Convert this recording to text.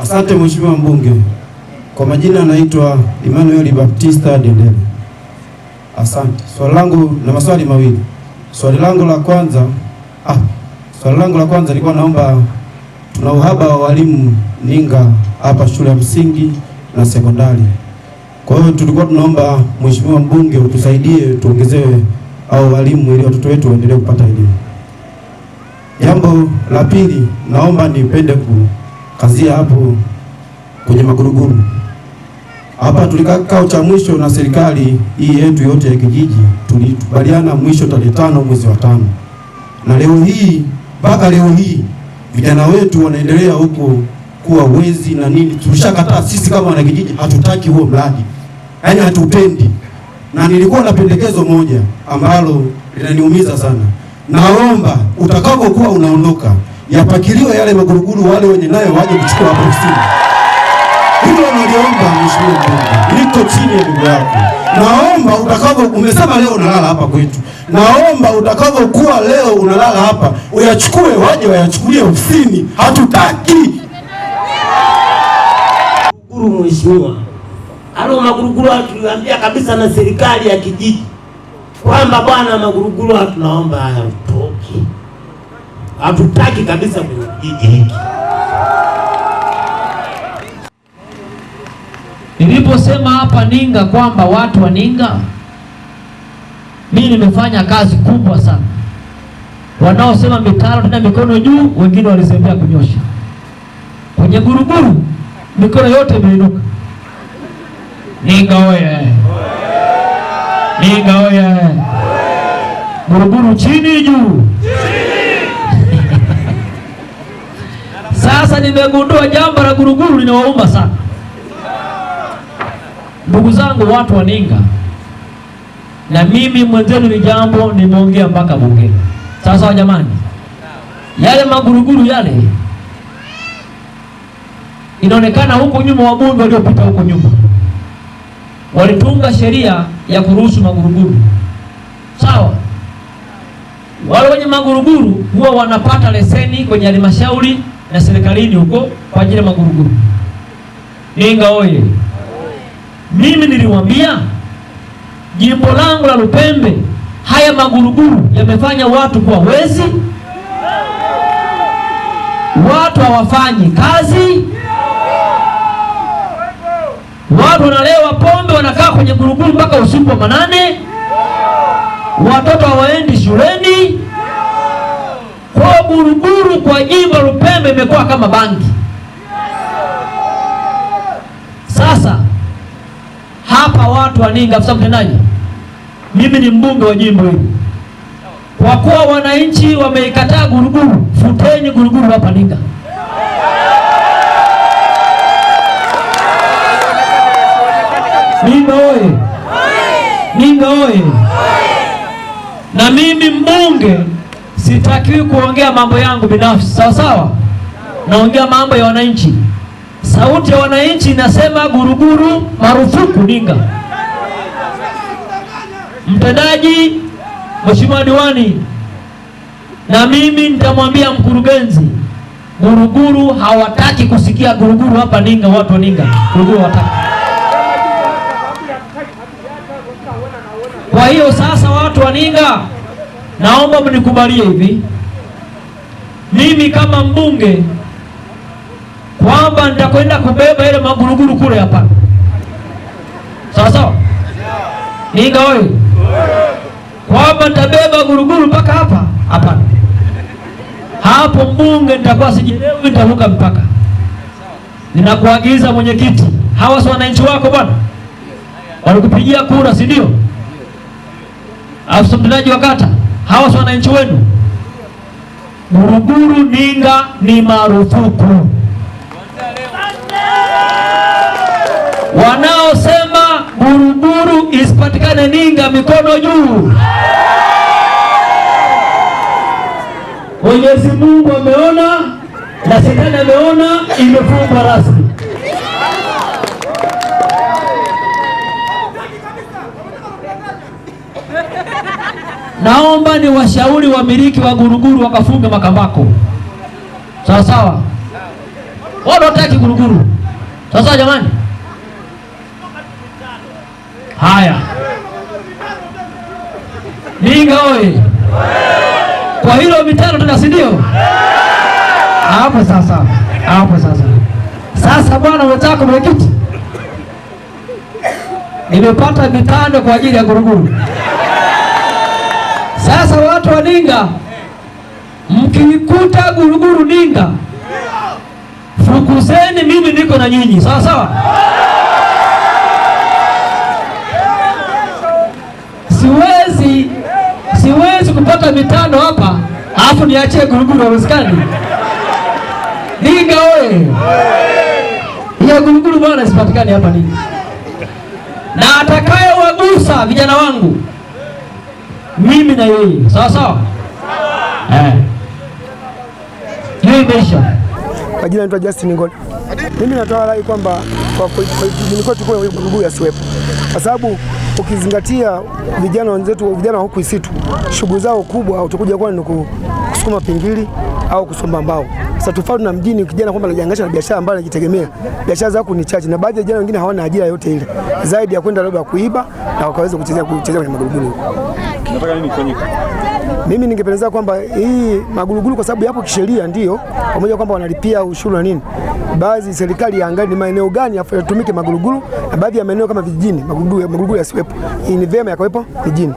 Asante Mheshimiwa Mbunge. Kwa majina anaitwa Emmanuel Baptista Dendele. Asante. Swali langu na maswali mawili. Swali langu la kwanza ah, swali langu la kwanza nilikuwa naomba, tuna uhaba wa walimu Ninga hapa shule ya msingi na sekondari. Kwa hiyo tulikuwa tunaomba Mheshimiwa Mbunge utusaidie tuongezewe au walimu ili watoto wetu waendelee kupata elimu. Jambo la pili naomba nipende ku kazia hapo kwenye maguruguru hapa. Tulikaa kikao cha mwisho na serikali hii yetu yote ya kijiji, tulikubaliana mwisho tarehe tano mwezi wa tano, na leo hii mpaka leo hii vijana wetu wanaendelea huko kuwa wezi na nini. Tulishakataa sisi kama wanakijiji, hatutaki huo mradi, yaani hatupendi. Na nilikuwa na pendekezo moja ambalo linaniumiza sana, naomba utakapokuwa unaondoka yapakiliwe yale maguruguru, wale wenye nayo waje kuchukua hapo ofisini. Hilo naliomba mheshimiwa mbunge, niko chini ya miguu yako. Naomba utakavyo, umesema leo unalala hapa kwetu, naomba utakavyokuwa leo unalala hapa uyachukue, waje wayachukulie ofisini, hatutaki guru. Mheshimiwa, alo maguruguru kabisa na serikali ya kijiji kwamba bwana, maguruguru hatunaomba haya hatutaki kabisa kijiji hiki. Niliposema hapa Ninga kwamba watu wa Ninga, mimi nimefanya kazi kubwa sana. Wanaosema mitano tena mikono juu, wengine walisemea kunyosha kwenye guruguru, mikono yote imeinuka. Ninga oye! Ninga oye! Guruguru chini juu nimegundua jambo la Guruguru linawaumba sana ndugu zangu, watu wa Ninga na mimi mwenzenu, ni jambo nimeongea mpaka bunge. Sasa jamani, yale maguruguru yale inaonekana huko nyuma, wabunge waliopita huko nyuma walitunga sheria ya kuruhusu maguruguru, sawa wale wenye maguruguru huwa wanapata leseni kwenye halmashauri na serikalini huko kwa ajili ya maguruguru. Iringa oye! Mimi niliwambia jimbo langu la Lupembe, haya maguruguru yamefanya watu kuwa wezi, watu hawafanyi kazi, watu wanalewa pombe, wanakaa kwenye guruguru mpaka usiku wa manane watoto hawaendi shuleni kwa buruburu, kwa jimbo Lupembe imekuwa kama bangi. Sasa hapa watu waninga, sababu mtendaji, mimi ni mbunge wa jimbo hili, kwa kuwa wananchi wameikataa guruguru, futeni guruguru hapa Ninga. Ninga oye! Ninga oye! na mimi mbunge sitakiwi kuongea mambo yangu binafsi, sawa sawa, naongea mambo ya wananchi. Sauti ya wananchi inasema Guruguru marufuku ninga Mtendaji, mheshimiwa diwani, na mimi nitamwambia mkurugenzi, Guruguru hawataki kusikia Guruguru hapa ninga watu Ninga Guruguru hawataki. Kwa hiyo sasa watu wa Ninga, naomba mnikubalie hivi mimi kama mbunge kwamba nitakwenda kubeba ile maguruguru kule. Hapana, sawa sawa. Ninga oye! Kwamba nitabeba guruguru mpaka hapa? Hapana, hapo mbunge nitakuwa sijielewi, nitavuka mpaka. Ninakuagiza mwenyekiti, hawa si wananchi wako bwana, walikupigia kura, si ndio? afisa mtendaji wa kata, hawa si wananchi wenu? buruburu Ninga ni marufuku. Wanaosema buruburu isipatikane Ninga, mikono juu. Mwenyezi Mungu ameona na shetani ameona, imefungwa rasmi. Naomba ni washauri wamiliki wa Guruguru wakafunge Makambako, sawa sawa. wataki Guruguru, sawa sawa. Jamani, haya Ninga oye! Kwa hilo mitano tena, si ndio? Hapo sasa, hapo sasa. Sasa bwana mwenzako mwenyekiti, nimepata mitano kwa ajili ya Guruguru. Sasa watu wa Ninga, mkiikuta Guruguru Ninga fukuzeni, mimi niko na nyinyi, sawa sawa. Siwezi, siwezi kupata mitano hapa alafu niachie Guruguru, awezekani Ninga oye! Ya Guruguru bwana, sipatikani hapa Ninga, na atakayewagusa vijana wangu mimi na yeye sawa sawa. Eh, hiyo imeisha. Kwa jina naitwa Justin Ngoli. Mimi natoa rai kwamba mguu asiwepo, kwa sababu ukizingatia vijana wenzetu, vijana wa huku Isitu, shughuli zao kubwa utakuja kuwa ni kusukuma pingili au kusomba mbao. Sasa tofauti na mjini, kijana kwamba anajihangaisha na biashara ambayo anajitegemea, biashara zako ni chache, na baadhi ya vijana wengine hawana ajira yote ile zaidi ya kwenda labda kuiba na wakaweza kuchezea kuchezea kwenye magurudumu. Nataka nini kifanyike? Mimi ningependeza kwamba hii maguruguru kwa sababu yapo kisheria, ndio pamoja kwamba wanalipia ushuru na nini, baadhi serikali yaangalie ni maeneo gani yatumike maguruguru, na baadhi ya maeneo kama vijijini maguruguru yasiwepo. Ni vyema yakawepo vijijini.